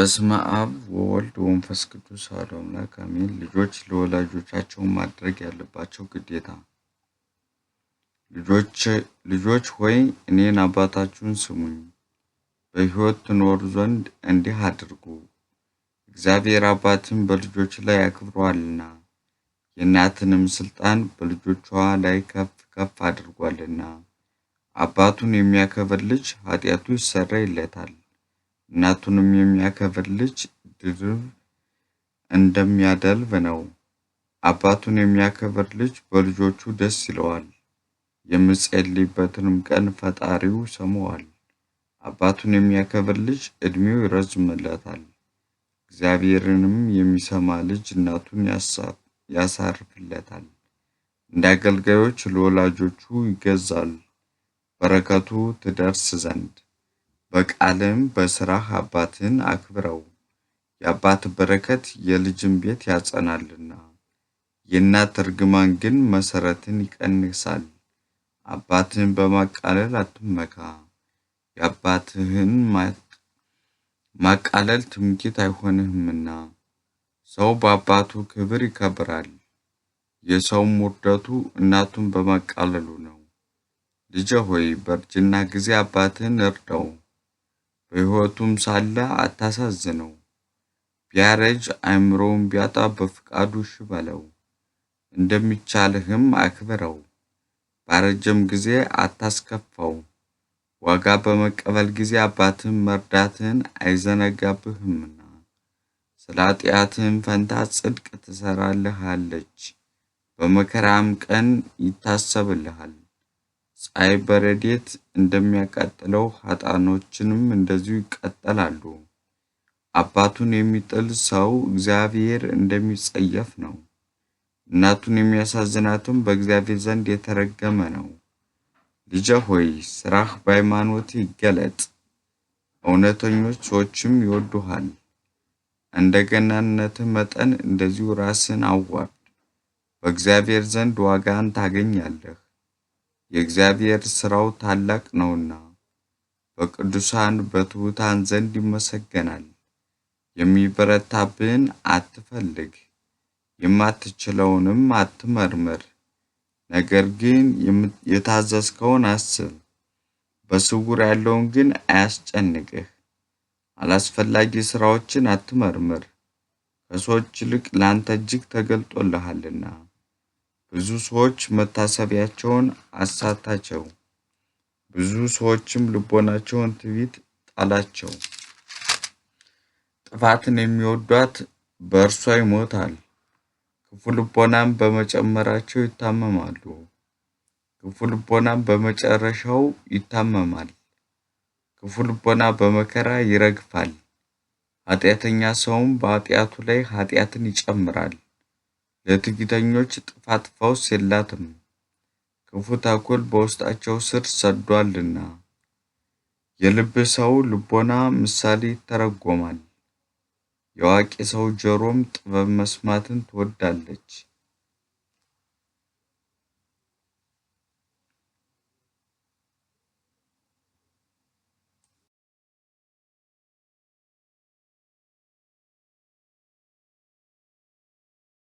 በስመ አብ ወወልድ ወመንፈስ ቅዱስ አሐዱ አምላክ አሜን። ልጆች ለወላጆቻቸው ማድረግ ያለባቸው ግዴታ። ልጆች ሆይ እኔን አባታችሁን ስሙኝ፣ በሕይወት ትኖሩ ዘንድ እንዲህ አድርጉ፣ እግዚአብሔር አባትን በልጆች ላይ አክብሯልና የእናትንም ስልጣን በልጆቿ ላይ ከፍ ከፍ አድርጓልና። አባቱን የሚያከብር ልጅ ኃጢአቱ ይሰረይለታል እናቱንም የሚያከብር ልጅ ድርብ እንደሚያደልብ ነው። አባቱን የሚያከብር ልጅ በልጆቹ ደስ ይለዋል፣ የምጸልይበትንም ቀን ፈጣሪው ይሰማዋል። አባቱን የሚያከብር ልጅ እድሜው ይረዝምለታል፣ እግዚአብሔርንም የሚሰማ ልጅ እናቱን ያሳርፍለታል። እንደ አገልጋዮች ለወላጆቹ ይገዛል፣ በረከቱ ትደርስ ዘንድ በቃልም በስራህ አባትህን አክብረው። የአባት በረከት የልጅን ቤት ያጸናልና፣ የእናት እርግማን ግን መሰረትን ይቀንሳል። አባትህን በማቃለል አትመካ፣ የአባትህን ማቃለል ትምክህት አይሆንህምና። ሰው በአባቱ ክብር ይከብራል፣ የሰውም ውርደቱ እናቱን በማቃለሉ ነው። ልጄ ሆይ በእርጅና ጊዜ አባትህን እርደው። በሕይወቱም ሳለ አታሳዝነው፤ ቢያረጅ አእምሮውን ቢያጣ በፈቃዱ እሺ በለው፤ እንደሚቻልህም አክብረው፤ ባረጀም ጊዜ አታስከፋው፤ ዋጋ በመቀበል ጊዜ አባትህን መርዳትህን አይዘነጋብህምና። ስለ ኃጢአትህም ፈንታ ጽድቅ ትሠራልሃለች፤ በመከራም ቀን ይታሰብልሃል። ፀሐይ በረዴት እንደሚያቃጥለው ሀጣኖችንም እንደዚሁ ይቃጠላሉ። አባቱን የሚጥል ሰው እግዚአብሔር እንደሚጸየፍ ነው። እናቱን የሚያሳዝናትም በእግዚአብሔር ዘንድ የተረገመ ነው። ልጄ ሆይ ስራህ በሃይማኖት ይገለጥ፣ እውነተኞች ሰዎችም ይወዱሃል። እንደ ገናንነትህ መጠን እንደዚሁ ራስን አዋርድ፣ በእግዚአብሔር ዘንድ ዋጋን ታገኛለህ። የእግዚአብሔር ሥራው ታላቅ ነውና በቅዱሳን በትሑታን ዘንድ ይመሰገናል። የሚበረታብህን አትፈልግ፣ የማትችለውንም አትመርምር። ነገር ግን የታዘዝከውን አስብ፣ በስውር ያለውን ግን አያስጨንቅህ። አላስፈላጊ ሥራዎችን አትመርምር፣ ከሰዎች ይልቅ ለአንተ እጅግ ተገልጦልሃልና። ብዙ ሰዎች መታሰቢያቸውን አሳታቸው ብዙ ሰዎችም ልቦናቸውን ትዕቢት ጣላቸው። ጥፋትን የሚወዷት በእርሷ ይሞታል፣ ክፉ ልቦናም በመጨመራቸው ይታመማሉ። ክፉ ልቦናም በመጨረሻው ይታመማል፣ ክፉ ልቦና በመከራ ይረግፋል። ኃጢአተኛ ሰውም በኃጢአቱ ላይ ኃጢአትን ይጨምራል። የትዕቢተኞች ጥፋት ፈውስ የላትም ክፉ ተኩል በውስጣቸው ስር ሰዷልና የልብ ሰው ልቦና ምሳሌ ይተረጎማል የአዋቂ ሰው ጆሮም ጥበብ መስማትን ትወዳለች።